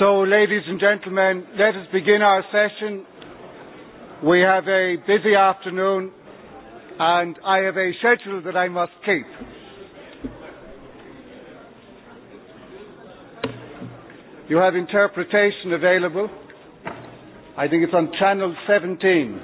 So, ladies and gentlemen, let us begin our session. We have a busy afternoon, and I have a schedule that I must keep. You have interpretation available. I think it's on channel 17.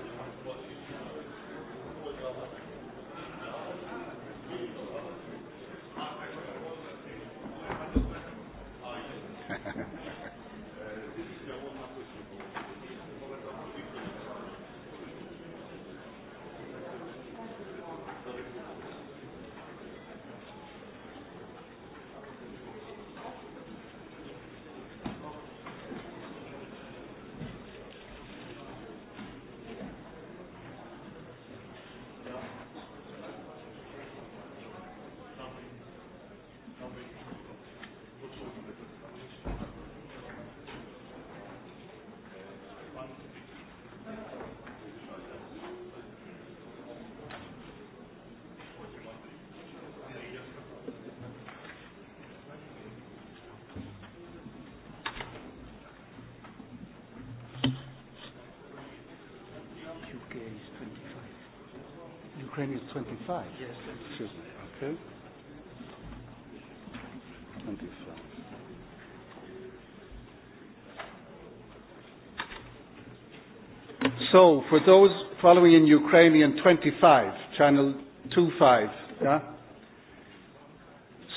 So, for those following in Ukrainian 25, channel 25, yeah?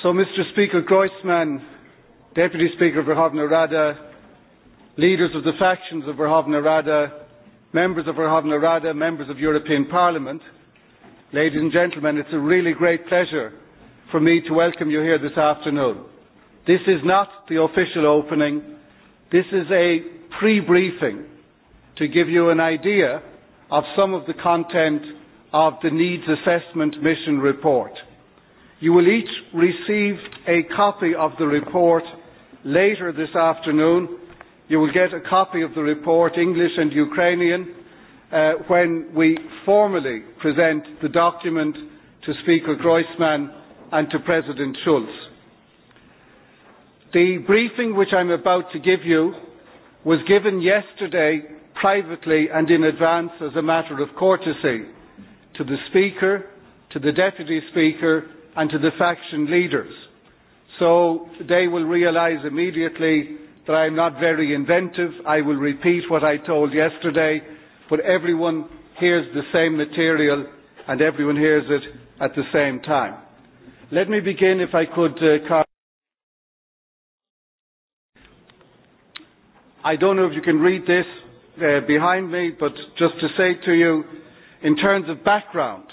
So, Mr. Speaker Groisman, Deputy Speaker of Verhovna Rada, leaders of the factions of Verhovna Rada, members of Verhovna Rada, members of European Parliament, ladies and gentlemen, it's a really great pleasure for me to welcome you here this afternoon. This is not the official opening. This is a pre-briefing to give you an idea of some of the content of the Needs Assessment Mission report. You will each receive a copy of the report later this afternoon. You will get a copy of the report, English and Ukrainian, uh, when we formally present the document to Speaker Groisman and to President Schulz. The briefing which I'm about to give you was given yesterday privately and in advance as a matter of courtesy to the Speaker, to the Deputy Speaker and to the faction leaders. So they will realise immediately that I am not very inventive. I will repeat what I told yesterday, but everyone hears the same material and everyone hears it at the same time. Let me begin, if I could, uh, Carl. I don't know if you can read this uh, behind me, but just to say to you, in terms of background,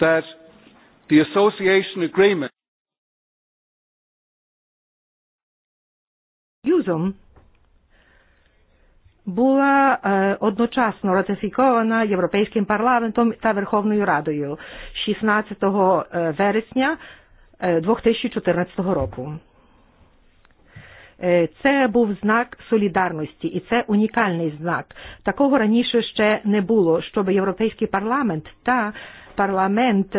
that the association agreement. Юзом була е, одночасно ратифікована Європейським парламентом та Верховною Радою 16 вересня 2014 року. Це був знак солідарності, і це унікальний знак. Такого раніше ще не було, щоб Європейський парламент та парламент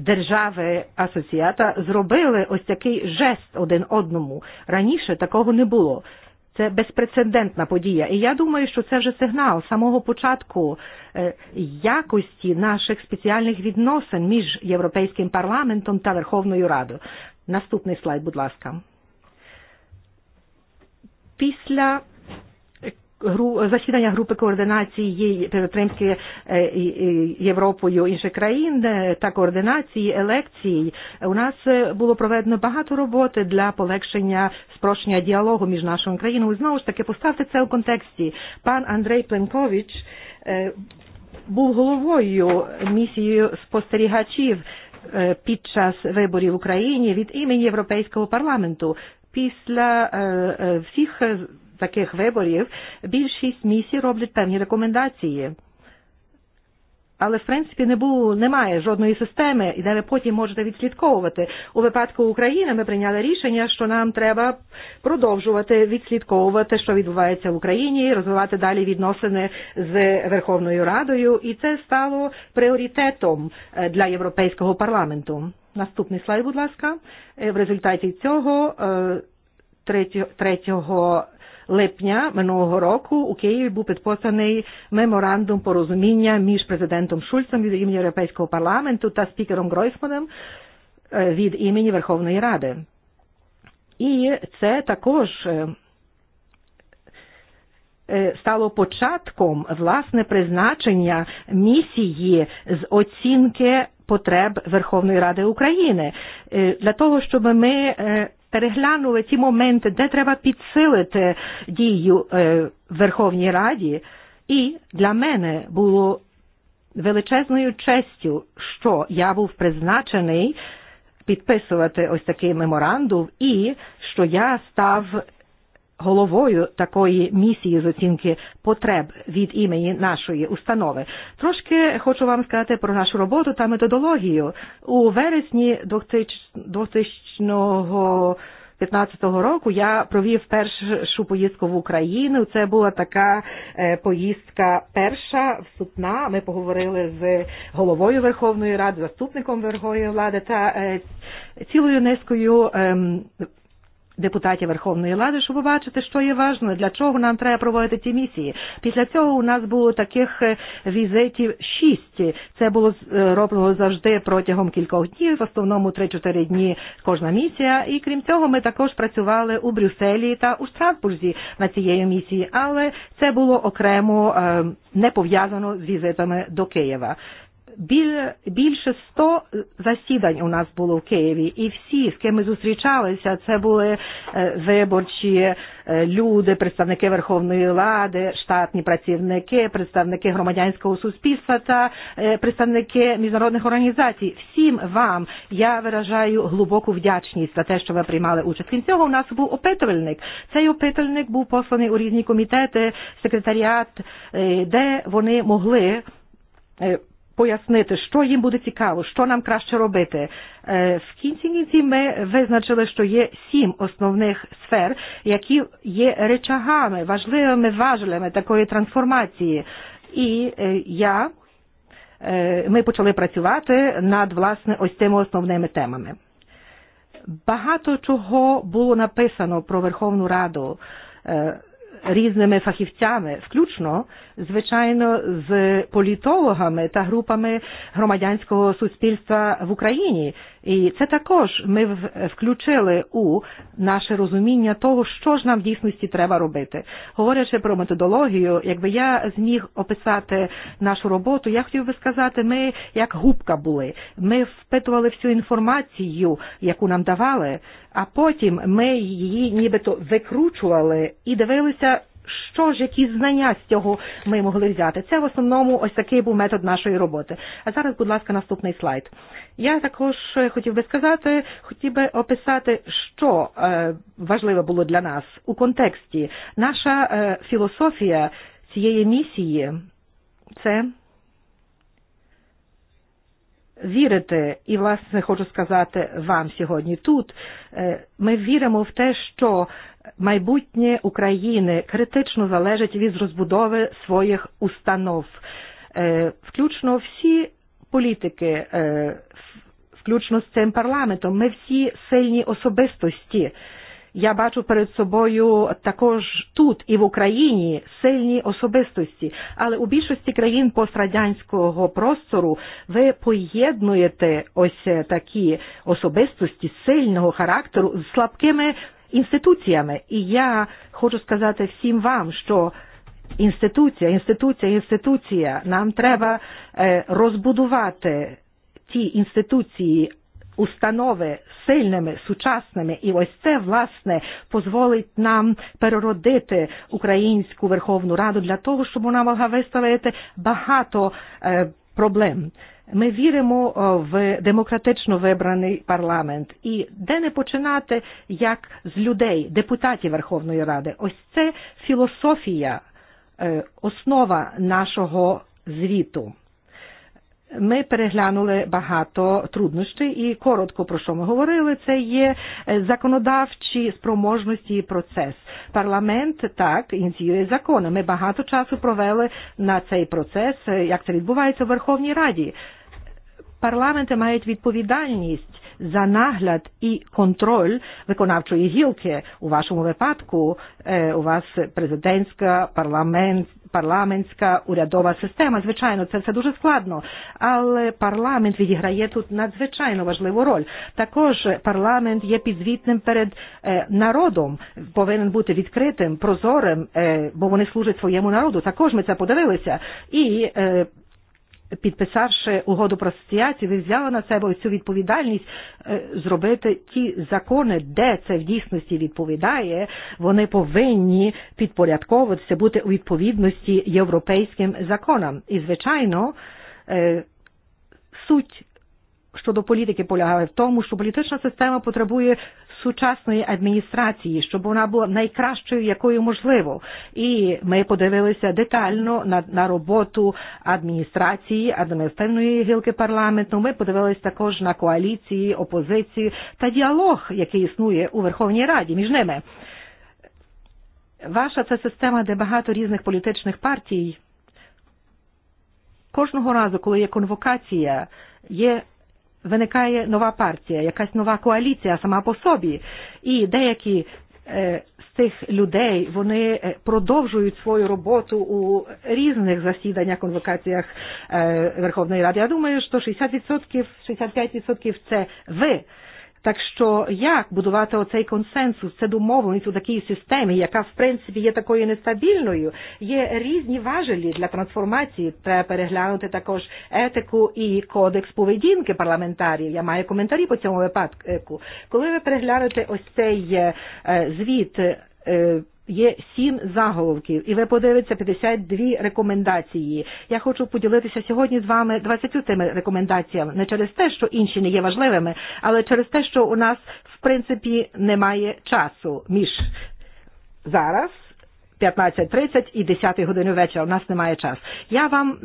держави асоціата зробили ось такий жест один одному. Раніше такого не було. Це безпрецедентна подія. І я думаю, що це вже сигнал самого початку якості наших спеціальних відносин між Європейським парламентом та Верховною Радою. Наступний слайд, будь ласка. Після grupy групи координації Тримської Європою інших країн та координації елекцій у нас було проведено багато роботи для полегшення спрощення діалогу між нашими країнами. Знову ж таки, поставте це у контексті. Пан Андрей Пленкович був головою місією спостерігачів під час виборів в Україні від імені Європейського парламенту після всіх таких виборів більшість місій роблять певні рекомендації. Але в принципі не було, немає жодної системи, і де ви потім можете відслідковувати. У випадку України ми прийняли рішення, що нам треба продовжувати відслідковувати, що відбувається в Україні, розвивати далі відносини з Верховною Радою, і це стало пріоритетом для Європейського парламенту. Наступний слайд, будь ласка. В результаті цього 3 липня минулого року у Києві був підписаний меморандум порозуміння між президентом Шульцем від імені Європейського парламенту та спікером Гройсманом від імені Верховної Ради. І це також стало початком власне призначення місії з оцінки потреб Верховної Ради України для того, щоб ми переглянули ті моменти, де треба підсилити дію Верховній Раді. І для мене було величезною честю, що я був призначений підписувати ось такий меморандум і що я став головою такої місії з оцінки потреб від імені нашої установи. Трошки хочу вам сказати про нашу роботу та методологію. У вересні 2015 року я провів першу поїздку в Україну. Це була така поїздка перша вступна. Ми поговорили з головою Верховної Ради, заступником Верховної Влади та цілою низкою депутатів Верховної Ради, щоб побачити, що є важливо, для чого нам треба проводити ці місії. Після цього у нас було таких візитів шість. Це було зроблено завжди протягом кількох днів, в основному 3-4 дні кожна місія. І крім цього, ми також працювали у Брюсселі та у Страсбурзі на цієї місії, але це було окремо не пов'язано з візитами до Києва. Біль, більше 100 засідань у нас було в Києві, і всі, з ким ми зустрічалися, це були виборчі люди, представники Верховної Ради, штатні працівники, представники громадянського суспільства та представники міжнародних організацій. Всім вам я виражаю глибоку вдячність за те, що ви приймали участь. Крім цього, у нас був опитувальник. Цей опитувальник був посланий у різні комітети, секретаріат, де вони могли пояснити, що їм буде цікаво, що нам краще робити. В кінці кінці ми визначили, що є сім основних сфер, які є речагами, важливими важелями такої трансформації. І я, ми почали працювати над, власне, ось тими основними темами. Багато чого було написано про Верховну Раду різними фахівцями, включно звичайно, з політологами та групами громадянського суспільства в Україні. І це також ми включили у наше розуміння того, що ж нам в дійсності треба робити. Говорячи про методологію, якби я зміг описати нашу роботу, я хотів би сказати, ми як губка були. Ми впитували всю інформацію, яку нам давали, а потім ми її нібито викручували і дивилися що ж, які знання з цього ми могли взяти. Це в основному ось такий був метод нашої роботи. А зараз, будь ласка, наступний слайд. Я також хотів би сказати, хотів би описати, що важливо було для нас у контексті. Наша філософія цієї місії це вірити, і власне хочу сказати вам сьогодні тут, ми віримо в те, що майбутнє України критично залежить від розбудови своїх установ. Включно всі політики, включно з цим парламентом, ми всі сильні особистості. Я бачу перед собою також тут і в Україні сильні особистості, але у більшості країн пострадянського простору ви поєднуєте ось такі особистості сильного характеру з слабкими институциями. И я хочу сказати всім вам, що інституція, інституція, інституція, нам треба розбудувати ті інституції, установи сильними, сучасними, і ось це, власне, дозволить нам переродити Українську Верховну Раду для того, щоб вона могла виставити багато проблем. Ми віримо в демократично вибраний парламент і де не починати як з людей, депутатів Верховної Ради. Ось це філософія, основа нашого звіту. Ми переглянули багато труднощів і коротко про що ми говорили. Це є законодавчі спроможності і процес. Парламент так ініціює закони. Ми багато часу провели на цей процес, як це відбувається у Верховній Раді парламенти мають відповідальність за нагляд і контроль виконавчої гілки. У вашому випадку у вас президентська, парламент, парламентська, урядова система. Звичайно, це все дуже складно, але парламент відіграє тут надзвичайно важливу роль. Також парламент є підзвітним перед народом, повинен бути відкритим, прозорим, бо вони служать своєму народу. Також ми це подивилися. І підписавши угоду про асоціацію, ви взяли на себе цю відповідальність зробити ті закони, де це в дійсності відповідає, вони повинні підпорядковуватися, бути у відповідності європейським законам. І, звичайно, суть щодо політики полягає в тому, що політична система потребує сучасної адміністрації, щоб вона була найкращою, якою можливо. І ми подивилися детально на, на роботу адміністрації, адміністративної гілки парламенту. Ми подивилися також на коаліції, опозиції та діалог, який існує у Верховній Раді між ними. Ваша це система, де багато різних політичних партій. Кожного разу, коли є конвокація, є виникає нова партія, якась нова коаліція сама по собі, і деякі з цих людей вони продовжують свою роботу у різних засіданнях, конвокаціях Верховної Ради. Я думаю, що 60%, 65% це ви, Так що як будувати оцей консенсус, це домовленість у такій системі, яка в принципі є такою нестабільною, є різні важелі для трансформації. Треба переглянути також етику і кодекс поведінки парламентарів. Я маю коментарі по цьому випадку. Коли ви переглянете ось цей звіт Є сім заголовків, і ви подивитеся 52 рекомендації. Я хочу поділитися сьогодні з вами 20 тими рекомендаціями, не через те, що інші не є важливими, але через те, що у нас в принципі немає часу між зараз, 15.30 і 10 години вечора. У нас немає часу. Я вам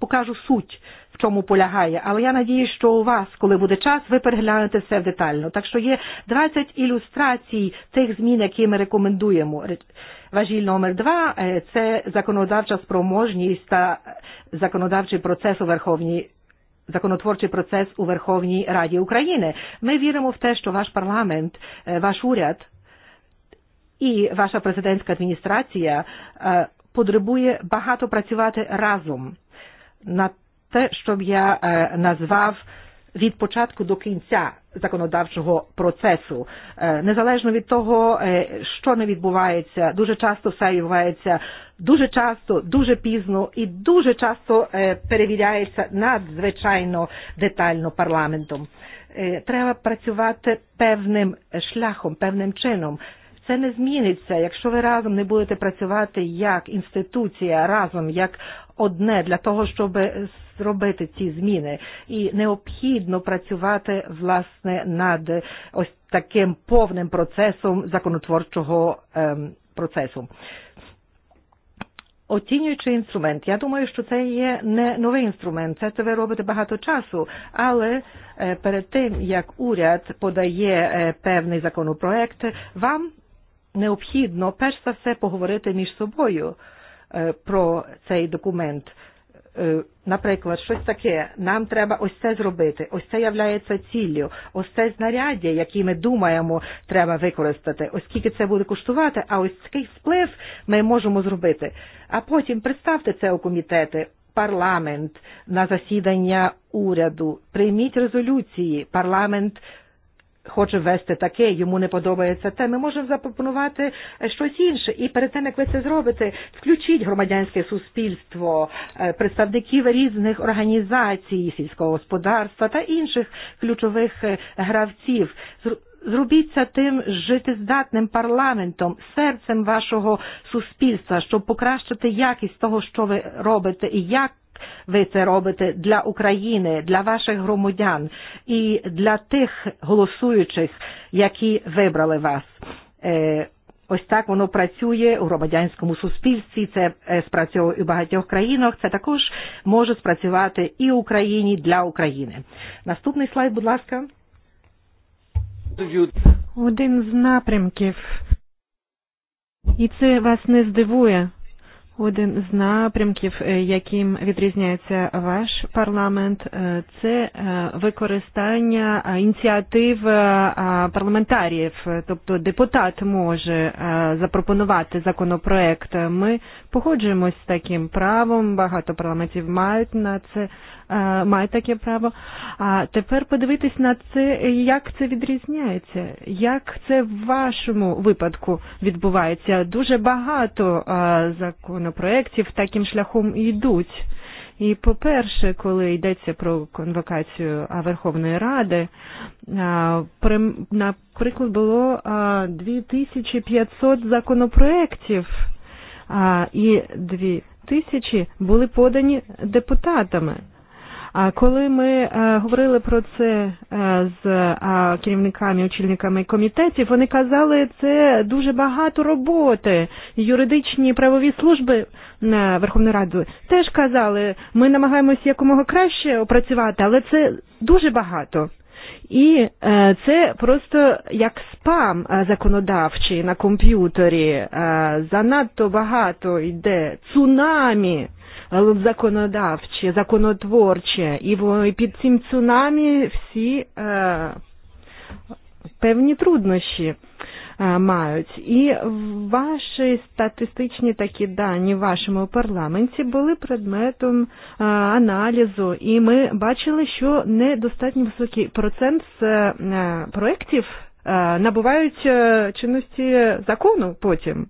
покажу суть в чому полягає. Але я надію, що у вас, коли буде час, ви переглянете все детально. Так що є 20 ілюстрацій тих змін, які ми рекомендуємо. Важіль номер два це законодавча спроможність та законодавчий процес у Верховній законотворчий процес у Верховній Раді України. Ми віримо в те, що ваш парламент, ваш уряд і ваша президентська адміністрація потребує багато працювати разом над Це, щоб я назвав від початку до кінця законодавчого процесу. Незалежно від того, що не відбувається, дуже часто все відбувається дуже часто, дуже пізно і дуже часто перевіряється надзвичайно детально парламентом. Треба працювати певним шляхом, певним чином. Це не зміниться, якщо ви разом не будете працювати як інституція, разом як одне для того, щоб зробити ці зміни. І необхідно працювати власне над ось таким повним процесом законотворчого ем, процесу. Оцінюючи інструмент, я думаю, що це є не новий інструмент, це ви робите багато часу, але перед тим як уряд подає певний законопроект, вам необхідно перш за все поговорити між собою про цей документ. Наприклад, щось таке, нам треба ось це зробити, ось це являється ціллю, ось це знаряддя, які ми думаємо, треба використати, Ось скільки це буде коштувати, а ось такий вплив ми можемо зробити. А потім представте це у комітети, парламент на засідання уряду, прийміть резолюції, парламент хоче вести таке, йому не подобається те. Ми можемо запропонувати щось інше. І перед тим, як ви це зробите, включіть громадянське суспільство, представників різних організацій, сільського господарства та інших ключових гравців. Зробіться тим життєздатним парламентом, серцем вашого суспільства, щоб покращити якість того, що ви робите, і як ви це робите для України, для ваших громадян і для тих голосуючих, які вибрали вас. Ось так воно працює у громадянському суспільстві, це спрацьовує у багатьох країнах, це також може спрацювати і в Україні для України. Наступний слайд, будь ласка. Один з напрямків. І це вас не здивує. Один з напрямків, яким відрізняється ваш парламент, це використання ініціатив парламентарів, тобто депутат може запропонувати законопроект. Ми погоджуємось з таким правом, багато парламентів мають на це має таке право. А тепер подивитись на це, як це відрізняється, як це в вашому випадку відбувається. Дуже багато законопроєктів таким шляхом йдуть. І по-перше, коли йдеться про конвокацію Верховної Ради, наприклад, було 2500 законопроєктів і 2000 були подані депутатами. А Коли ми говорили про це з керівниками, очільниками комітетів, вони казали, це дуже багато роботи. Юридичні правові служби Верховної Ради теж казали, ми намагаємося якомога краще опрацювати, але це дуже багато. І це просто як спам законодавчий на комп'ютері. Занадто багато йде цунамі Э, законодавче, законотворче, і під цим цунамі всі э, певні труднощі э, мають. І ваші статистичні такі дані в вашому парламенті були предметом аналізу, і ми бачили, що недостатньо високий процент з проєктів набувають чинності закону потім.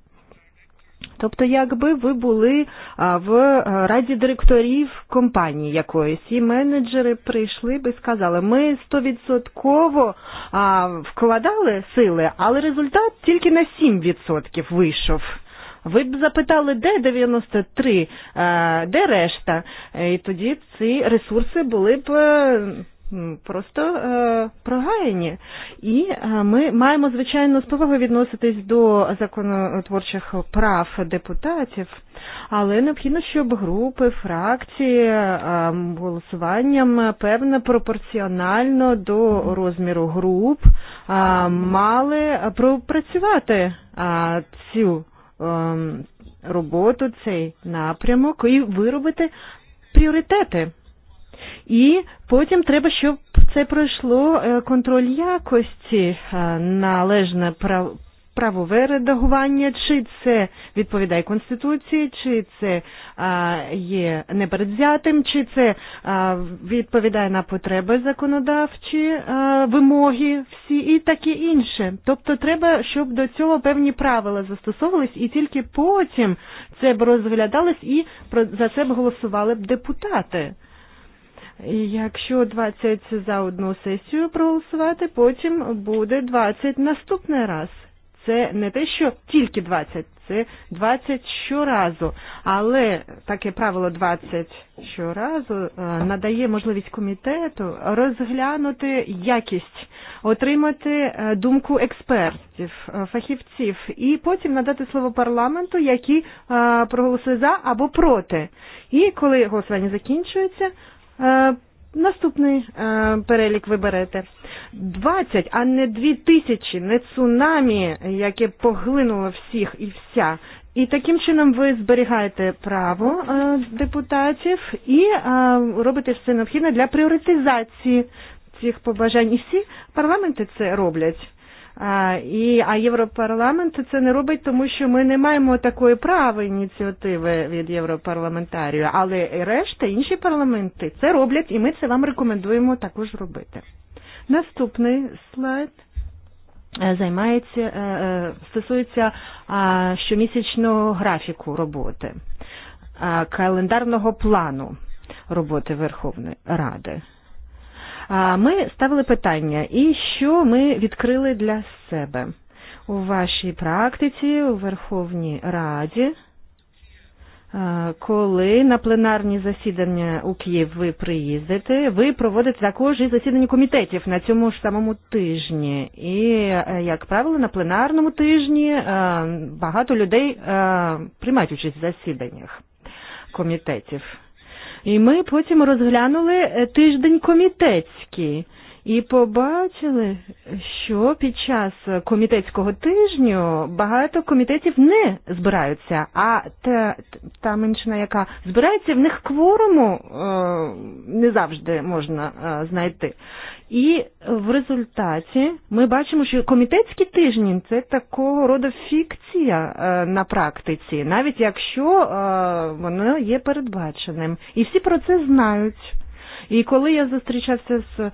Тобто, якби ви були в раді директорів компанії якоїсь, і менеджери прийшли би і сказали, ми стовідсотково вкладали сили, але результат тільки на 7% вийшов. Ви б запитали, де 93, де решта, і тоді ці ресурси були б просто э, прогаяні, І э, ми маємо, звичайно, з повагою відноситись до законотворчих прав депутатів, але необхідно, щоб групи, фракції голосуванням певно пропорціонально до розміру груп мали пропрацювати цю роботу, цей напрямок і виробити пріоритети. І потім треба, щоб це пройшло контроль якості, належне правове редагування, чи це відповідає Конституції, чи це є непередзятим, чи це відповідає на потреби законодавчі вимоги всі і таке інше. Тобто треба, щоб до цього певні правила застосовувались і тільки потім це б розглядалось і за це б голосували б депутати. Якщо 20 за одну сесію проголосувати, потім буде 20 наступний раз. Це не те, що тільки 20, це 20 щоразу. Але таке правило 20 щоразу надає можливість комітету розглянути якість, отримати думку експертів, фахівців і потім надати слово парламенту, які проголосує за або проти. І коли голосування закінчується, Наступний перелік виберете. 20, а не 2000, не цунамі, яке поглинуло всіх і вся. І таким чином ви зберігаєте право депутатів і робите все необхідне для пріоритизації цих побажань. І всі парламенти це роблять. І а Європарламент це не робить, тому що ми не маємо такої права ініціативи від європарламентарію, але решта інші парламенти це роблять, і ми це вам рекомендуємо також робити. Наступний слайд э, займається э, э, стосується щомісячного графіку роботи, календарного плану роботи Верховної Ради. А ми ставили питання, і що ми відкрили для себе у вашій практиці у Верховній Раді, коли на пленарні засідання у Київ ви приїздите, ви проводите також і засідання комітетів на цьому ж самому тижні. І, як правило, на пленарному тижні багато людей приймають участь в засіданнях комітетів. І ми потім розглянули тиждень комітетський і побачили, що під час комітетського тижню багато комітетів не збираються, а та, та меншина, яка збирається, в них кворуму е, не завжди можна е, знайти. І в результаті ми бачимо, що комітетські тижні це такого роду фікція е, на практиці, навіть якщо е, воно є передбаченим. І всі про це знають. І коли я зустрічався з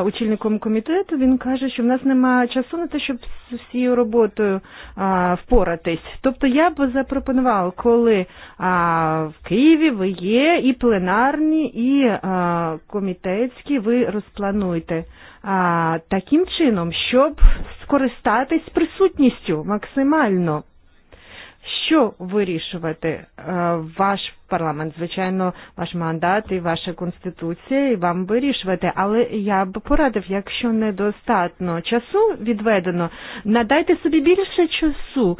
очільником комітету, він каже, що в нас немає часу на те, щоб з всією роботою а, впоратись. Тобто я б запропонував, коли а, в Києві ви є і пленарні, і а, комітетські, ви розплануєте а, таким чином, щоб скористатись присутністю максимально. Що вирішувати? Ваш парламент. Звичайно, ваш мандат і ваша конституція, і вам вирішувати. Але я б порадив, якщо недостатньо часу відведено, надайте собі більше часу.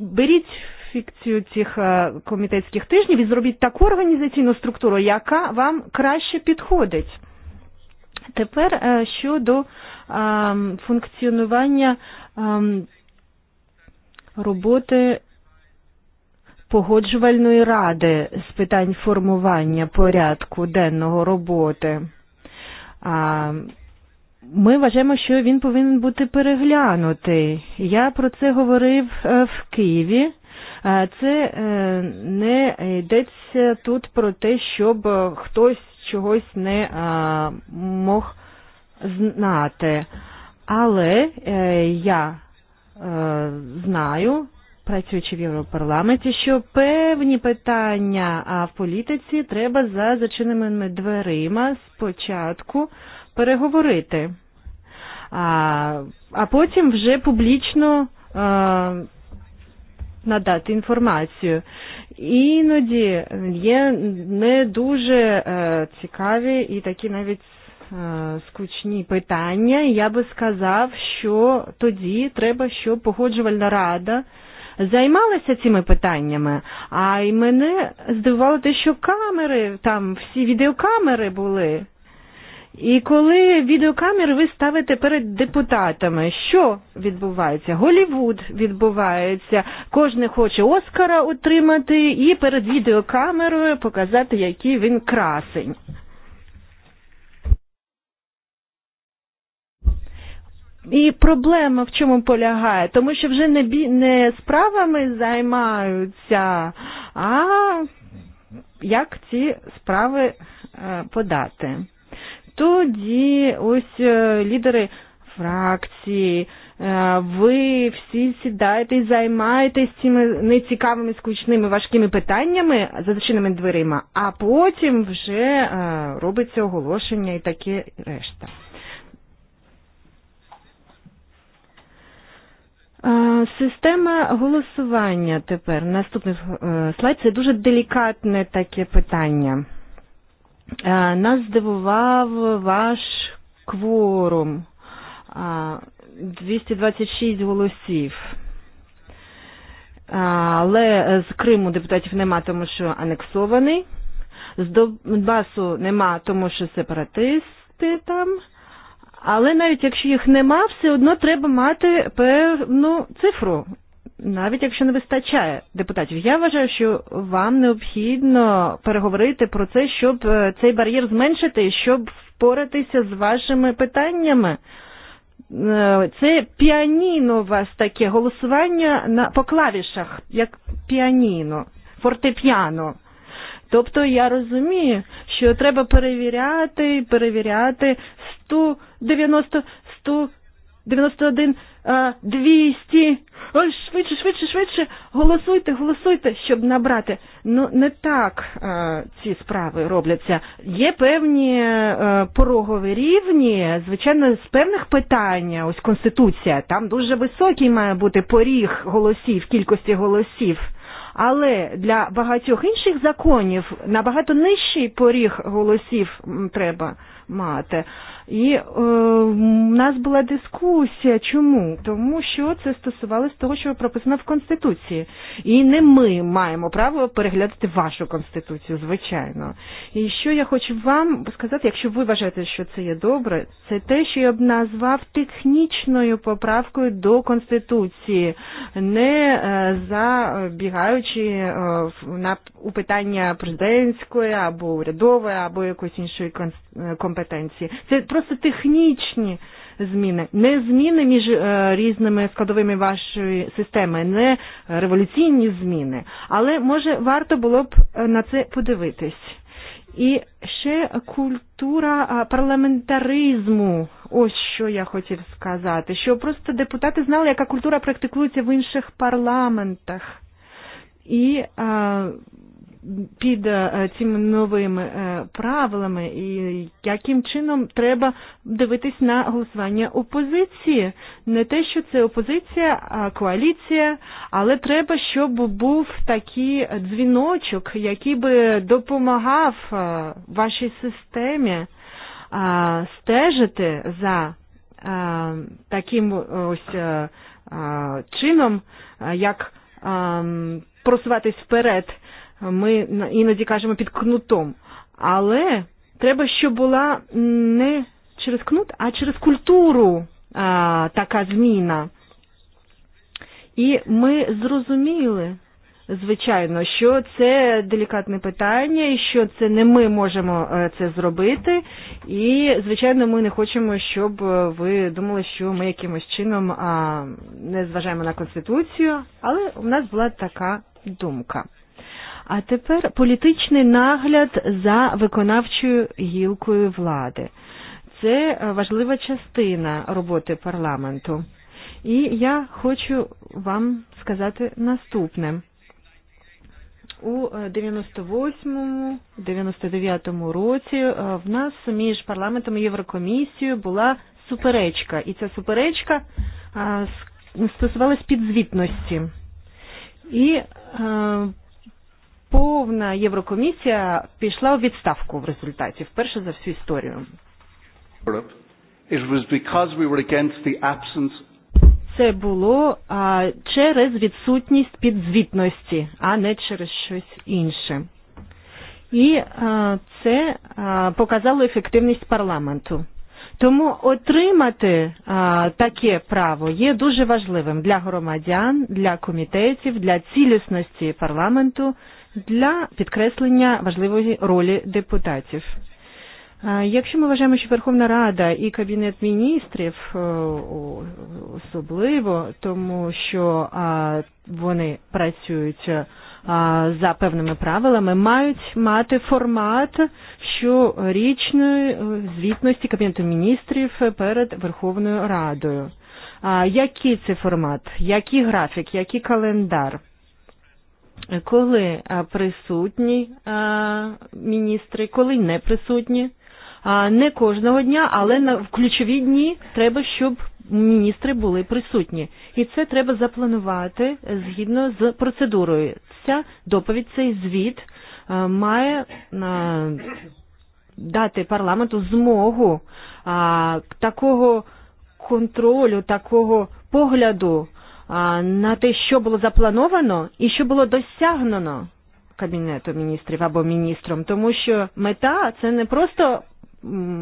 Беріть фікцію цих комітетських тижнів і зробіть таку організаційну структуру, яка вам краще підходить. Тепер щодо функціонування роботи погоджувальної ради з питань формування порядку денного роботи. Ми вважаємо, що він повинен бути переглянутий. Я про це говорив в Києві. Це не йдеться тут про те, щоб хтось чогось не мог знати. Але я знаю, працюючи в Європарламенті, що певні питання в політиці треба за зачиненими дверима спочатку переговорити, а, а потім вже публічно а, надати інформацію. Іноді є не дуже а, цікаві і такі навіть скучні питання, я би сказав, що тоді треба, щоб погоджувальна рада займалася цими питаннями, а й мене здивувало те, що камери, там всі відеокамери були. І коли відеокамери ви ставите перед депутатами, що відбувається? Голівуд відбувається, кожен хоче Оскара отримати і перед відеокамерою показати, який він красень. І проблема в чому полягає, тому що вже не бі... не справами займаються, а як ці справи подати. Тоді ось лідери фракції, ви всі сідаєте і займаєтесь цими нецікавими, скучними, важкими питаннями за зачиненими дверима, а потім вже робиться оголошення і таке решта. Система голосування тепер. Наступний слайд це дуже делікатне таке питання. Нас здивував ваш кворум 226 голосів. Але з Криму депутатів нема, тому що анексований. З Донбасу нема, тому що сепаратисти там. Але навіть якщо їх нема, все одно треба мати певну цифру, навіть якщо не вистачає депутатів. Я вважаю, що вам необхідно переговорити про це, щоб цей бар'єр зменшити, щоб впоратися з вашими питаннями. Це піаніно у вас таке голосування на, по клавішах, як піаніно, фортепіано. Тобто я розумію, що треба перевіряти, перевіряти сто дев'яносто 91, 200. Ой, швидше, швидше, швидше. Голосуйте, голосуйте, щоб набрати. Ну, не так а, ці справи робляться. Є певні а, порогові рівні, звичайно, з певних питань, ось Конституція, там дуже високий має бути поріг голосів, кількості голосів. Але для багатьох інших законів набагато нижчий поріг голосів треба мати. І э, е, нас була дискусія. Чому? Тому що це стосувалося того, що прописано в Конституції. І не ми маємо право переглядати вашу Конституцію, звичайно. І що я хочу вам сказати, якщо ви вважаєте, що це є добре, це те, що я б назвав технічною поправкою до Конституції, не забігаючи на у питання президентської або урядової, або якоїсь іншої компетенції компетенції. Це просто технічні зміни, не зміни між різними складовими вашої системи, не революційні зміни. Але може варто було б на це подивитись. І ще культура парламентаризму. Ось що я хотів сказати, що просто депутати знали, яка культура практикується в інших парламентах. І під цими новими правилами і яким чином треба дивитись на голосування опозиції. Не те, що це опозиція, а коаліція, але треба, щоб був такий дзвіночок, який би допомагав вашій системі стежити за таким ось чином, як просуватись вперед – ми іноді кажемо під кнутом. Але треба, щоб була не через кнут, а через культуру а, така зміна. І ми зрозуміли, звичайно, що це делікатне питання, і що це не ми можемо це зробити. І, звичайно, ми не хочемо, щоб ви думали, що ми якимось чином а, не зважаємо на конституцію, але у нас була така думка. А тепер політичний нагляд за виконавчою гілкою влади. Це важлива частина роботи парламенту. І я хочу вам сказати наступне. У 98-99 році в нас між парламентом і Єврокомісією була суперечка. І ця суперечка стосувалась підзвітності. І повна Єврокомісія пішла у відставку в результаті, вперше за всю історію. це було а, через відсутність підзвітності, а не через щось інше. І а, це а, показало ефективність парламенту. Тому отримати а, таке право є дуже важливим для громадян, для комітетів, для цілісності парламенту для підкреслення важливої ролі депутатів. Якщо ми вважаємо, що Верховна Рада і Кабінет міністрів особливо, тому що вони працюють за певними правилами, мають мати формат щорічної звітності Кабінету міністрів перед Верховною Радою. Який це формат, який графік, який календар? коли присутні міністри, коли не присутні. Не кожного дня, але на в ключові дні треба, щоб міністри були присутні. І це треба запланувати згідно з процедурою. Ця доповідь, цей звіт має дати парламенту змогу такого контролю, такого погляду на те, що було заплановано і що було досягнено Кабінету міністрів або міністром, тому що мета це не просто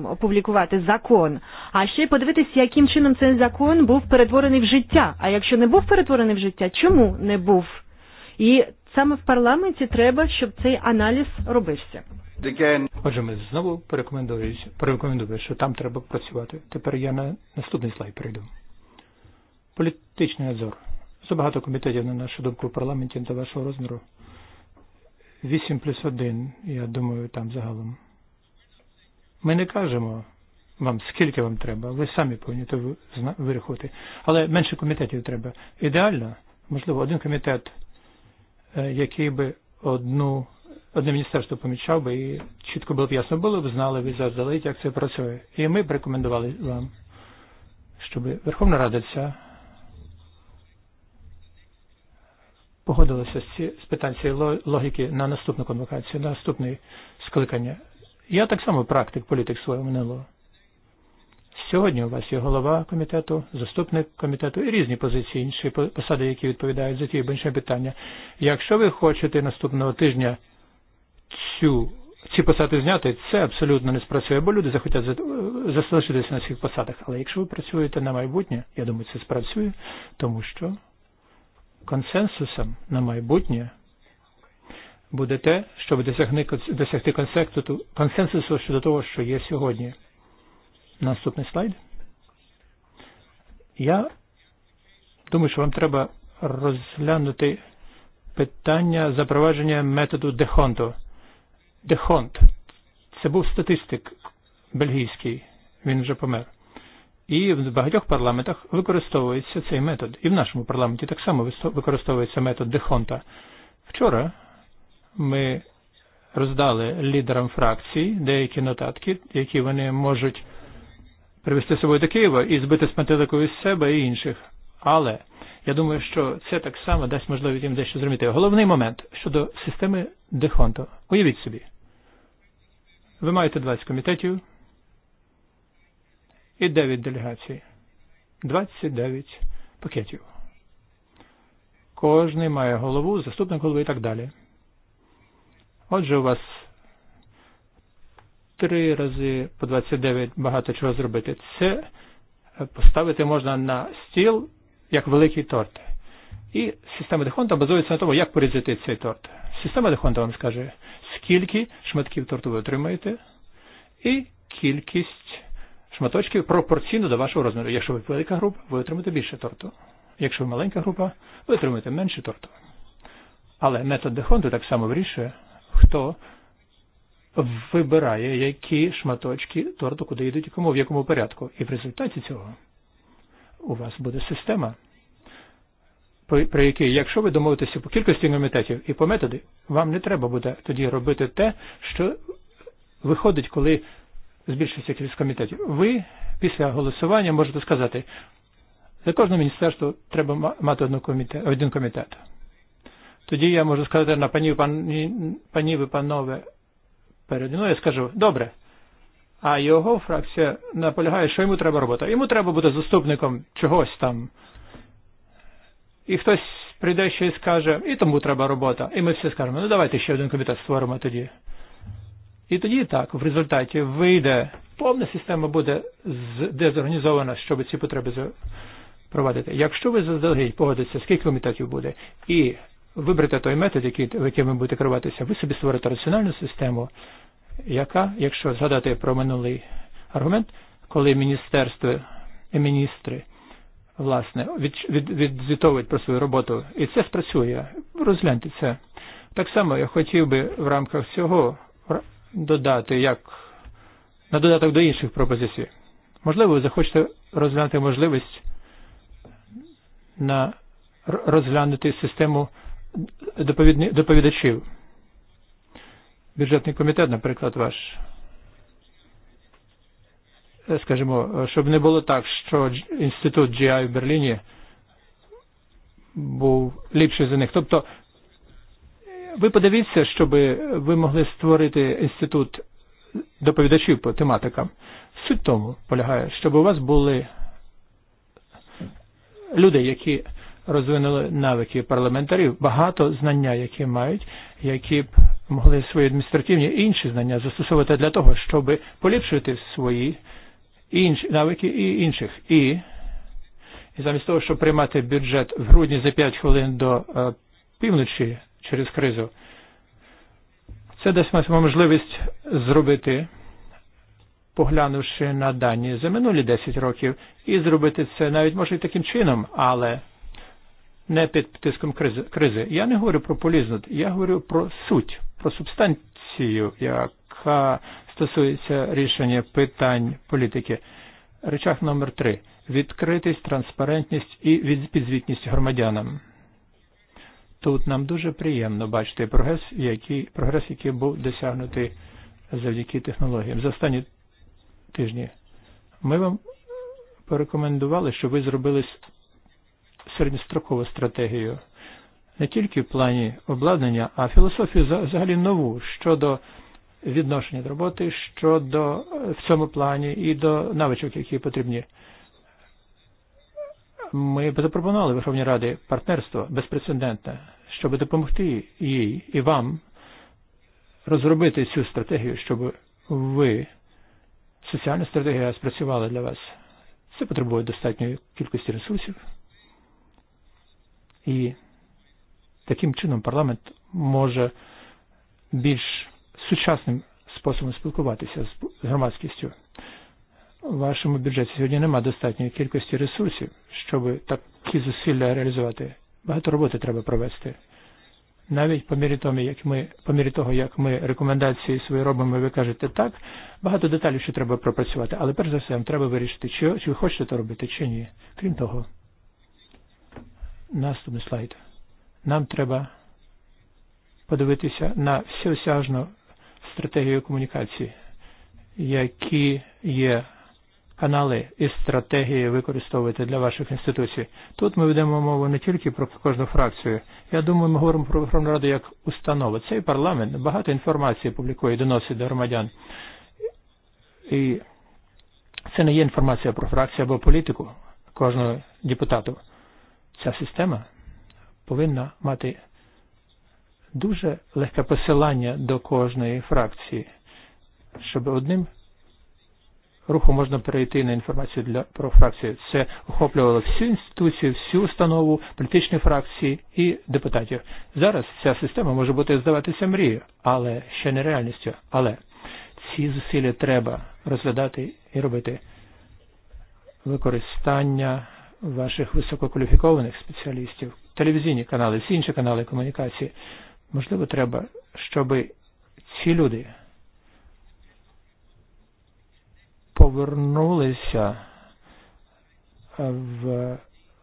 опублікувати закон, а ще й подивитися, яким чином цей закон був перетворений в життя. А якщо не був перетворений в життя, чому не був? І саме в парламенті треба, щоб цей аналіз робився. Отже, ми знову порекомендуємо, що там треба працювати. Тепер я на наступний слайд перейду. Політ... Тичний азор. Забагато комітетів, на нашу думку, в парламенті до вашого розміру. 8 плюс 1, я думаю, там загалом. Ми не кажемо вам, скільки вам треба, ви самі повинні то вирахувати. Але менше комітетів треба. Ідеально, можливо, один комітет, який би одну одне міністерство помічав би і чітко було б ясно було б, знали ви заздалегідь, як це працює. І ми б рекомендували вам, щоб Верховна Рада ця погодилася з питань цієї логіки на наступну конвокацію, на наступне скликання. Я так само практик, політик свого минулого. Сьогодні у вас є голова комітету, заступник комітету і різні позиції, інші посади, які відповідають за ті або інші питання. Якщо ви хочете наступного тижня цю ці посади зняти, це абсолютно не спрацює, бо люди захотять залишитися на цих посадах. Але якщо ви працюєте на майбутнє, я думаю, це спрацює, тому що консенсусом на майбутнє буде те, щоб досягти консенсусу щодо того, що є сьогодні. Наступний слайд. Я думаю, що вам треба розглянути питання запровадження методу Дехонто. Дехонт – це був статистик бельгійський, він вже помер. І в багатьох парламентах використовується цей метод. І в нашому парламенті так само використовується метод Дехонта. Вчора ми роздали лідерам фракції деякі нотатки, які вони можуть привести з собою до Києва і збити з пантелику із себе і інших. Але я думаю, що це так само дасть можливість їм дещо зрозуміти. Головний момент щодо системи Дехонта. Уявіть собі. Ви маєте 20 комітетів, і 9 делегацій. 29 пакетів. Кожний має голову, заступник голови і так далі. Отже, у вас три рази по 29 багато чого зробити. Це поставити можна на стіл як великий торт. І система Дехонта базується на тому, як порізати цей торт. Система Дехонта вам скаже, скільки шматків торту ви отримаєте і кількість шматочки пропорційно до вашого розміру. Якщо ви велика група, ви отримаєте більше торту. Якщо ви маленька група, ви отримуєте менше торту. Але метод дехонту так само вирішує, хто вибирає, які шматочки торту куди йдуть і кому, в якому порядку. І в результаті цього у вас буде система, при якій, якщо ви домовитеся по кількості комітетів і по методи, вам не треба буде тоді робити те, що виходить, коли збільшився кількість комітетів. Ви після голосування можете сказати, за кожне міністерство треба мати одну комітет, один комітет. Тоді я можу сказати на панів, пані, панів і панове перед мною, я скажу, добре, а його фракція наполягає, що йому треба робота. Йому треба бути заступником чогось там. І хтось прийде ще і скаже, і тому треба робота. І ми всі скажемо, ну давайте ще один комітет створимо тоді. І тоді так, в результаті вийде повна система буде дезорганізована, щоб ці потреби провадити. Якщо ви заздалегідь погодитеся, скільки комітетів буде, і виберете той метод, який, яким ви будете керуватися, ви собі створите раціональну систему, яка, якщо згадати про минулий аргумент, коли міністерство і міністри власне від, від, відзвітовують про свою роботу, і це спрацює, розгляньте це. Так само я хотів би в рамках цього додати, як на додаток до інших пропозицій. Можливо, ви захочете розглянути можливість на розглянути систему доповідачів. Бюджетний комітет, наприклад, ваш. Скажімо, щоб не було так, що інститут GI в Берліні був ліпший за них. Тобто Ви подивіться, щоб ви могли створити інститут доповідачів по тематикам. Суть тому полягає, щоб у вас були люди, які розвинули навики парламентарів, багато знання, які мають, які б могли свої адміністративні і інші знання застосовувати для того, щоб поліпшити свої інші навики і інших. І, і замість того, щоб приймати бюджет в грудні за 5 хвилин до півночі, через кризу. Це дасть можливість зробити, поглянувши на дані за минулі 10 років, і зробити це навіть може і таким чином, але не під тиском кризи. кризи. Я не говорю про полізну, я говорю про суть, про субстанцію, яка стосується рішення питань політики. Речах номер три. Відкритість, транспарентність і підзвітність громадянам. Тут нам дуже приємно бачити прогрес, який, прогрес, який був досягнутий завдяки технологіям. За останні тижні ми вам порекомендували, щоб ви зробили середньострокову стратегію не тільки в плані обладнання, а філософію взагалі нову щодо відношення до роботи, щодо в цьому плані і до навичок, які потрібні. Ми запропонували Верховній Ради партнерство безпрецедентне щоб допомогти їй і вам розробити цю стратегію, щоб ви соціальна стратегія спрацювала для вас. Це потребує достатньої кількості ресурсів. І таким чином парламент може більш сучасним способом спілкуватися з громадськістю. В вашому бюджеті сьогодні немає достатньої кількості ресурсів, щоб такі зусилля реалізувати багато роботи треба провести. Навіть по мірі, тому, як ми, по мірі того, як ми рекомендації свої робимо, ви кажете так, багато деталей ще треба пропрацювати, але перш за все вам треба вирішити, чи, чи ви хочете це робити, чи ні. Крім того, наступний слайд. Нам треба подивитися на всеосяжну стратегію комунікації, які є канали і стратегії використовувати для ваших інституцій. Тут ми ведемо мову не тільки про кожну фракцію. Я думаю, ми говоримо про Верховну Раду як установу. Цей парламент багато інформації публікує і доносить до громадян. І це не є інформація про фракцію або політику кожного депутату. Ця система повинна мати дуже легке посилання до кожної фракції, щоб одним руху можна перейти на інформацію для про фракцію. Це охоплювало всю інституцію, всю установу, політичні фракції і депутатів. Зараз ця система може бути здаватися мрією, але ще не реальністю. Але ці зусилля треба розглядати і робити використання ваших висококваліфікованих спеціалістів, телевізійні канали, всі інші канали комунікації. Можливо, треба, щоб ці люди повернулися в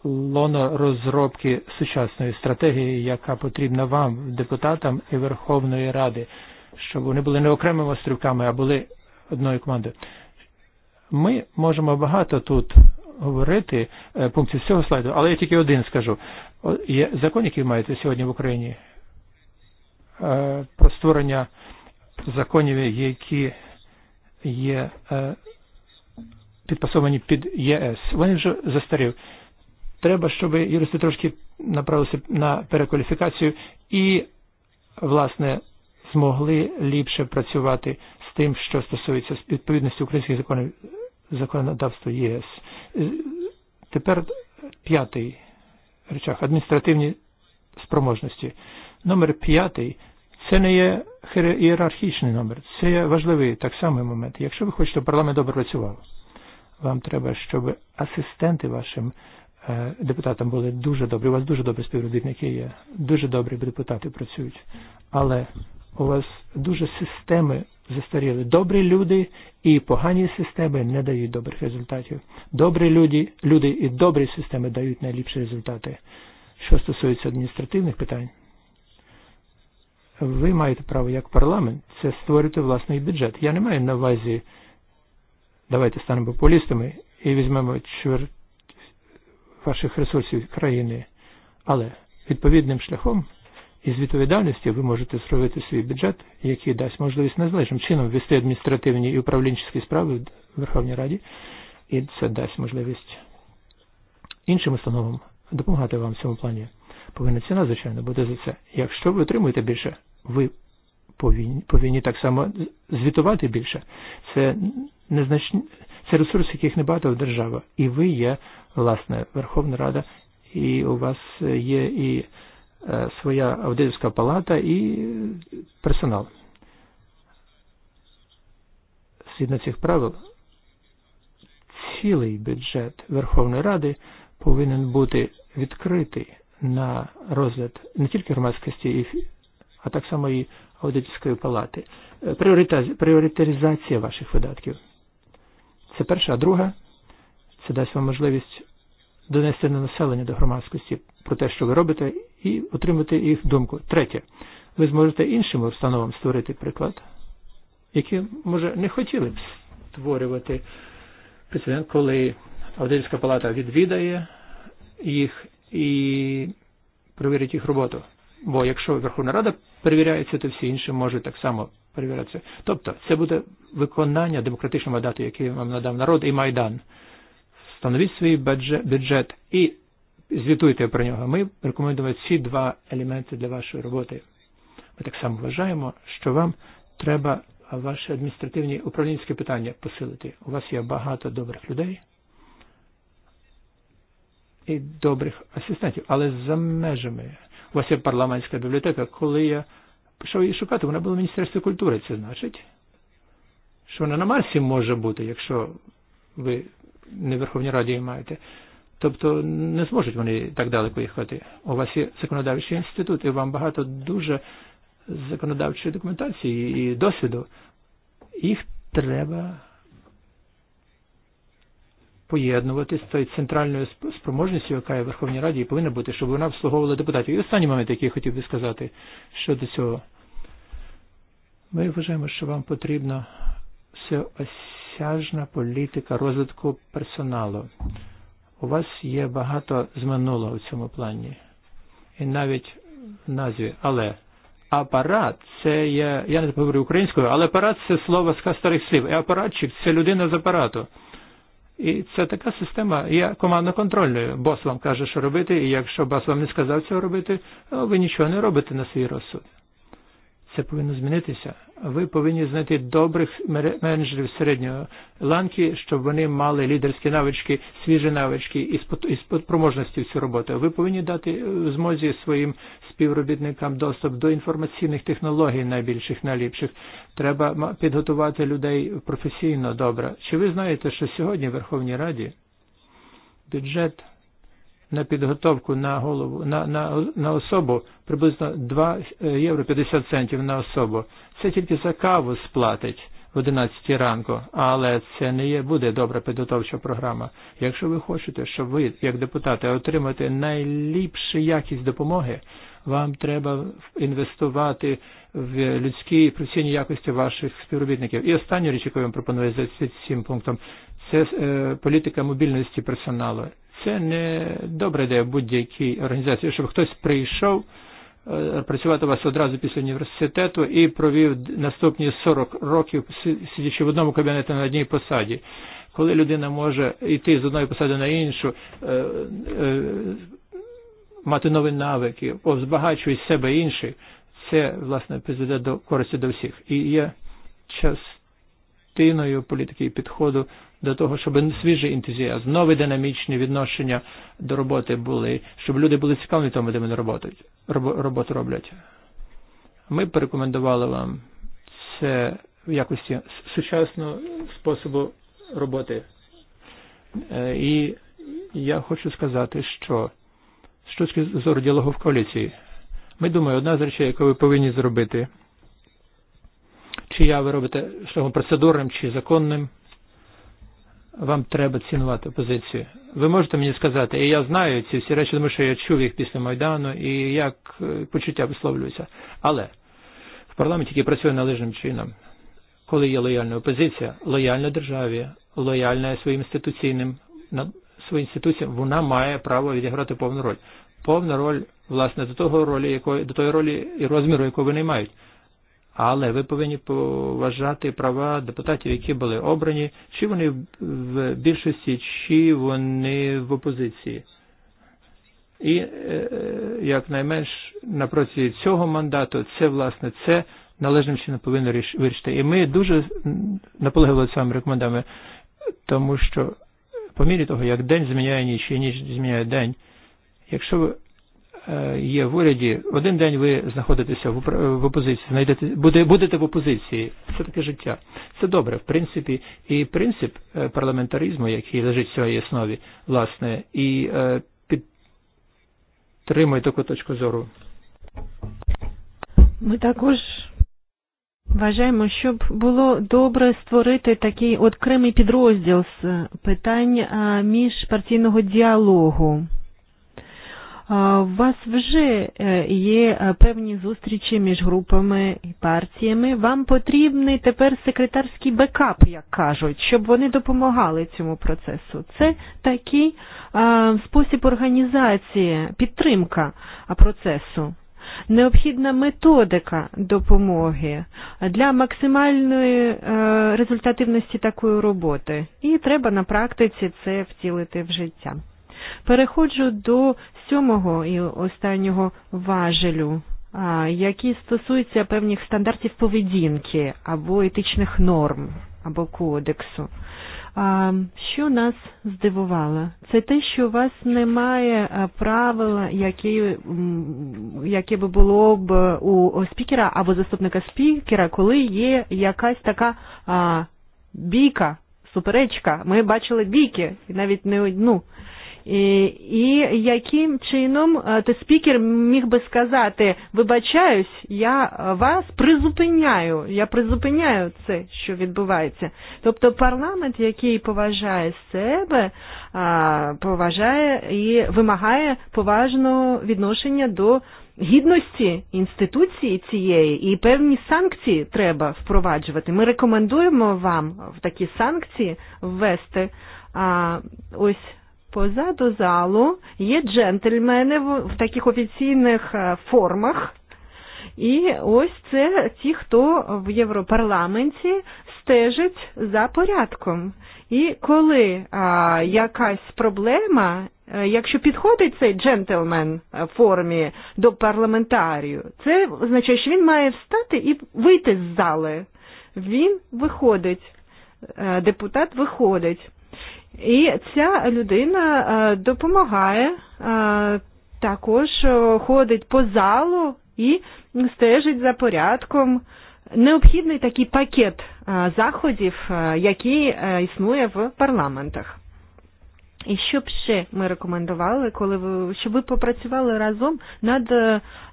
лоно розробки сучасної стратегії, яка потрібна вам, депутатам і Верховної Ради, щоб вони були не окремими острівками, а були одною командою. Ми можемо багато тут говорити пунктів з цього слайду, але я тільки один скажу. Є закон, який маєте сьогодні в Україні про створення законів, які є підпасовані під ЄС, вони вже застарів. Треба, щоб юристи трошки направилися на перекваліфікацію і, власне, змогли ліпше працювати з тим, що стосується відповідності українських законів законодавства ЄС. Тепер п'ятий речах адміністративні спроможності. Номер п'ятий це не є ієрархічний номер, це є важливий так само момент. Якщо ви хочете, парламент добре працював. Вам треба, щоб асистенти вашим депутатам були дуже добрі. У вас дуже добрі співробітники є, дуже добрі депутати працюють. Але у вас дуже системи застаріли. Добрі люди і погані системи не дають добрих результатів. Добрі люди, люди і добрі системи дають найліпші результати. Що стосується адміністративних питань, ви маєте право як парламент це створити власний бюджет. Я не маю на увазі Давайте станем популістами і візьмемо чверть ваших ресурсів країни, але відповідним шляхом із відповідальності ви можете зробити свій бюджет, який дасть можливість незалежним чином вести адміністративні і управлінчі справи в Верховній Раді, і це дасть можливість іншим установам допомагати вам в цьому плані. Повинна ціна, звичайно, буде за це. Якщо ви отримуєте більше, ви повинні, повинні так само звітувати більше. Це незнач... це ресурс, яких не багато в держава. І ви є, власне, Верховна Рада, і у вас є і своя аудиторська палата, і персонал. Згідно цих правил, цілий бюджет Верховної Ради повинен бути відкритий на розгляд не тільки громадськості, а так само і аудиторської палати. Пріоритаризація ваших видатків – Це перша, А друге, це дасть вам можливість донести на населення до громадськості про те, що ви робите, і отримати їх думку. Третє, ви зможете іншим установам створити приклад, які, може, не хотіли б створювати прецедент, коли аудиторська палата відвідає їх і перевірить їх роботу. Бо якщо Верховна Рада перевіряється, то всі інші можуть так само перевіряться. Тобто це буде виконання демократичного мандату, який вам надав народ і Майдан. Становіть свій бюджет і звітуйте про нього. Ми рекомендуємо ці два елементи для вашої роботи. Ми так само вважаємо, що вам треба ваші адміністративні управлінські питання посилити. У вас є багато добрих людей і добрих асистентів, але за межами. У вас є парламентська бібліотека, коли я що її шукати, вона була в Міністерстві культури, це значить, що вона на Марсі може бути, якщо ви не в Верховній Раді маєте. Тобто не зможуть вони так далеко їхати. У вас є законодавчий інститут, і вам багато дуже законодавчої документації і досвіду. Їх треба поєднувати з тою центральною спроможністю, яка є в Верховній Раді, і повинна бути, щоб вона обслуговувала депутатів. І останній момент, який я хотів би сказати щодо цього. Ми вважаємо, що вам потрібна всеосяжна політика розвитку персоналу. У вас є багато минулого у цьому плані. І навіть в назві, але апарат це є, я не говорю українською, але апарат це слово з старих слів. І апаратчик це людина з апарату. І це така система є командно-контрольною. Бос вам каже, що робити, і якщо бос вам не сказав цього робити, ви нічого не робите на свій розсуд це повинно змінитися. Ви повинні знайти добрих менеджерів середньої ланки, щоб вони мали лідерські навички, свіжі навички і спроможності в цю роботу. Ви повинні дати в змозі своїм співробітникам доступ до інформаційних технологій найбільших, найліпших. Треба підготувати людей професійно добре. Чи ви знаєте, що сьогодні в Верховній Раді бюджет – на підготовку на голову на, на, на особу приблизно 2 євро 50 центів на особу. Це тільки за каву сплатить в 11 ранку, але це не є, буде добра підготовча програма. Якщо ви хочете, щоб ви, як депутати, отримати найліпшу якість допомоги, вам треба інвестувати в людські і професійні якості ваших співробітників. І останню річ, яку я вам пропоную за цим пунктом, це е, політика мобільності персоналу. Це не добре, де будь-які організації, щоб хтось прийшов, працювати у вас одразу після університету і провів наступні 40 років, сидячи в одному кабінеті на одній посаді. Коли людина може йти з одної посади на іншу, мати нові навики, повзбагачує себе інших, це, власне, призведе до користі до всіх. І є частиною політики і підходу до того, щоб свіжий ентузіазм, нові динамічні відношення до роботи були, щоб люди були цікаві тому, де вони роботу, роботу роблять. Ми б порекомендували вам це в якості сучасного способу роботи. І я хочу сказати, що з точки зору діалогу в коаліції, ми думаємо, одна з речей, яку ви повинні зробити, чи я ви робите шляхом процедурним чи законним, вам треба цінувати позицію. Ви можете мені сказати, і я знаю ці всі речі, тому що я чув їх після Майдану і як почуття висловлюються. Але в парламенті, який працює належним чином, коли є лояльна опозиція, лояльна державі, лояльна своїм інституційним своїм інституціям, вона має право відіграти повну роль. Повна роль, власне, до того ролі, якої, до тої ролі і розміру, якого вони мають. Але ви повинні поважати права депутатів, які були обрані, чи вони в більшості, чи вони в опозиції. І найменш на протязі цього мандату це власне це належним чином повинно вирішити. І ми дуже наполегливо цим рекомендами, тому що по мірі того, як день зміняє ніч і ніч зміняє день, якщо ви є в уряді, один день ви знаходитеся в опозиції, знайдете, буде, будете в опозиції. Це таке життя. Це добре, в принципі. І принцип парламентаризму, який лежить в своїй основі, власне, і підтримує таку точку зору. Ми також Вважаємо, щоб було добре створити такий окремий підрозділ з питань міжпартійного діалогу. У вас вже є певні зустрічі між групами і партіями. Вам потрібний тепер секретарський бекап, як кажуть, щоб вони допомагали цьому процесу. Це такий спосіб організації, підтримка процесу. Необхідна методика допомоги для максимальної результативності такої роботи, і треба на практиці це втілити в життя. Переходжу до сьомого і останнього важелю, які стосуються певних стандартів поведінки або етичних норм або кодексу. А, що нас здивувало? Це те, що у вас немає правила, які, яке би було б у спікера або заступника спікера, коли є якась така а, бійка, суперечка. Ми бачили бійки, і навіть не одну. І э, яким чином э, ти спікер міг би сказати, «Э, вибачаюсь, я вас призупиняю, я призупиняю це, що відбувається. Тобто парламент, який поважає себе, поважає і вимагає поважного відношення до гідності інституції цієї і певні санкції треба впроваджувати. Ми рекомендуємо вам в такі санкції ввести. А, ось Позаду залу є джентльмени в таких офіційних формах. І ось це ті, хто в Європарламенті стежить за порядком. І коли а, якась проблема, якщо підходить цей джентльмен в формі до парламентарію, це означає, що він має встати і вийти з зали. Він виходить, депутат виходить. І ця людина допомагає, також ходить по залу і стежить за порядком. Необхідний такий пакет заходів, який існує в парламентах. І що б ще ми рекомендували, коли ви, щоб ви попрацювали разом над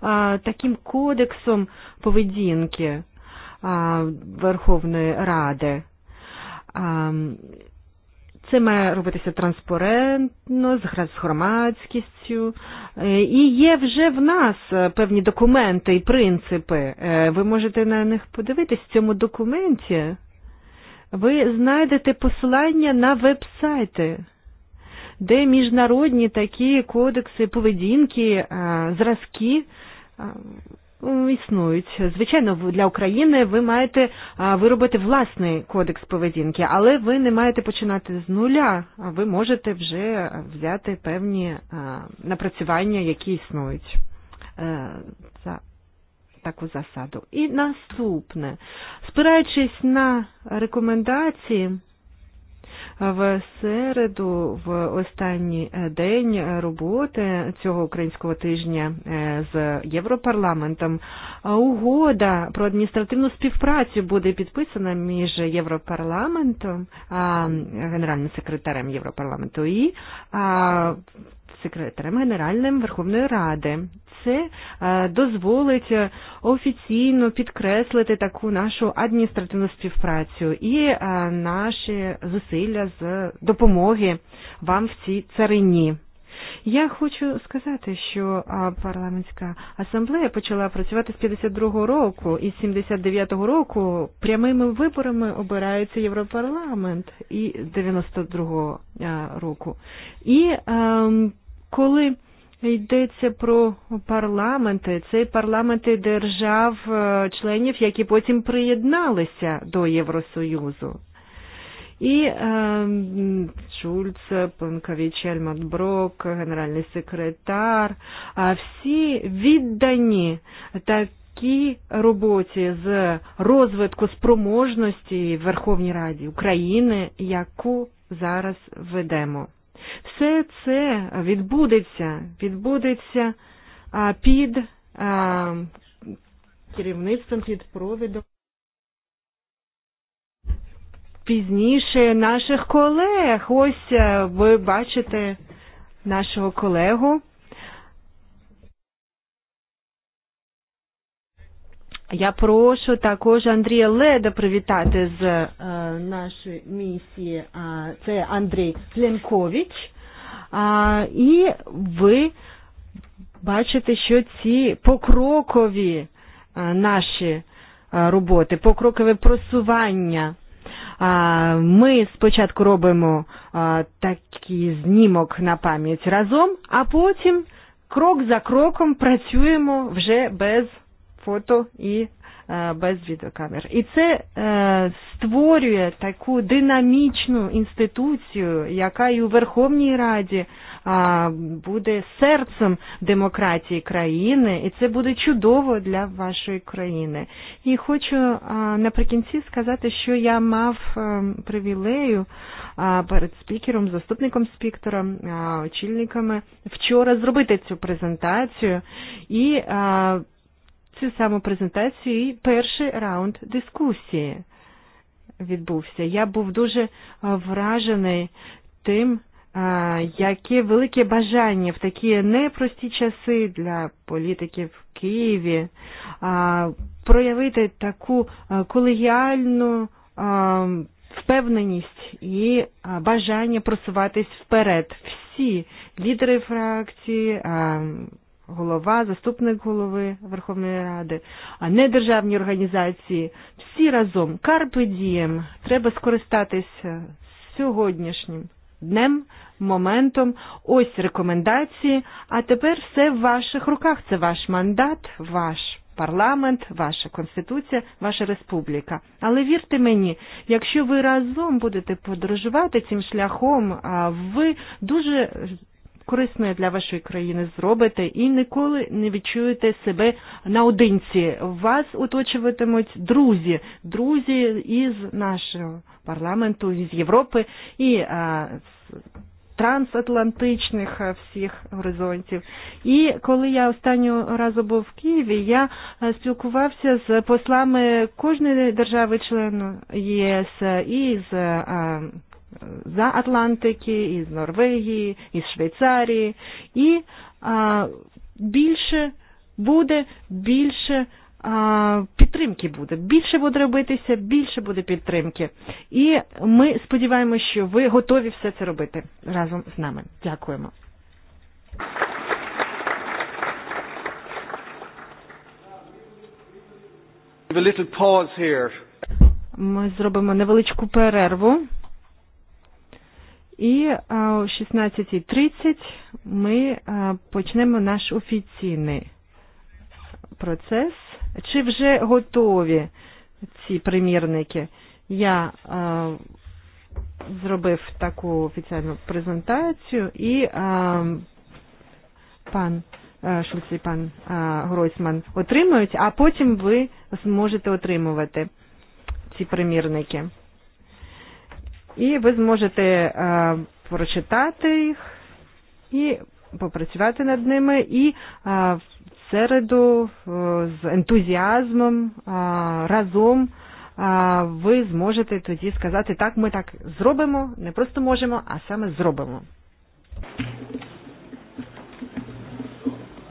а, таким кодексом поведінки а, Верховної Ради? А, Це має робитися транспарентно, з громадськістю. І є вже в нас певні документи і принципи. Ви можете на них подивитись в цьому документі. Ви знайдете посилання на веб-сайти, де міжнародні такі кодекси поведінки, зразки існують. Звичайно, для України ви маєте виробити власний кодекс поведінки, але ви не маєте починати з нуля, а ви можете вже взяти певні напрацювання, які існують за таку засаду. І наступне. Спираючись на рекомендації В середу, в останній день роботи цього українського тижня з Європарламентом, угода про адміністративну співпрацю буде підписана між Європарламентом, генеральним секретарем Європарламенту і секретарем Генеральним Верховної Ради. Це дозволить офіційно підкреслити таку нашу адміністративну співпрацю і наші зусилля з допомоги вам в цій царині. Я хочу сказати, що парламентська асамблея почала працювати з 52-го року і з 79-го року прямими виборами обирається Європарламент і 92-го року. І ем, коли Йдеться про парламенти. Це парламенти держав-членів, які потім приєдналися до Євросоюзу. И э, Шульц, Пленкович, Эльмат Брок, генеральный секретар, А всі віддані такій роботі з розвитку спроможності Верховній Раді України, яку зараз ведемо. Все це відбудеться, відбудеться а, під а, керівництвом, під провідом пізніше наших колег. Ось ви бачите нашого колегу. Я прошу також Андрія Леда привітати з е, нашої місії. це Андрій Пленкович. А, і ви бачите, що ці покрокові наші роботи, покрокове просування – А ми спочатку робимо такий знімок на пам'ять разом, а потім крок за кроком працюємо вже без фото і без відеокамер. І це е, створює таку динамічну інституцію, яка і у Верховній Раді буде серцем демократії країни, і це буде чудово для вашої країни. І хочу наприкінці сказати, що я мав привілею перед спікером, заступником спікера, очільниками вчора зробити цю презентацію і цю саму презентацію і перший раунд дискусії відбувся. Я був дуже вражений тим, Яке велике бажання в такі непрості часи для політиків в Києві проявити таку колегіальну впевненість і бажання просуватись вперед. Всі лідери фракції, голова, заступник голови Верховної Ради, а не державні організації, всі разом, карпи дієм, треба скористатися сьогоднішнім днем, моментом. Ось рекомендації. А тепер все в ваших руках. Це ваш мандат, ваш парламент, ваша конституція, ваша республіка. Але вірте мені, якщо ви разом будете подорожувати цим шляхом, ви дуже корисне для вашої країни зробите і ніколи не відчуєте себе наодинці. Вас оточуватимуть друзі, друзі із нашого парламенту, із Європи і а, з трансатлантичних всіх горизонтів. І коли я останнього разу був в Києві, я спілкувався з послами кожної держави члену ЄС і з из-за Атлантики, із Норвегії, із Швейцарії, і а, більше буде, більше підтримки буде. Більше буде робитися, більше буде підтримки. І ми сподіваємося, що ви готові все це робити разом з нами. Дякуємо. Ми зробимо невеличку перерву. І о 16.30 ми почнемо наш офіційний процес. Чи вже готові ці примірники? Я зробив таку офіційну презентацію і пан Шульц і пан Гройсман отримують, а потім ви зможете отримувати ці примірники і ви зможете прочитати їх і попрацювати над ними і в середу з ентузіазмом разом ви зможете тоді сказати так, ми так зробимо, не просто можемо, а саме зробимо.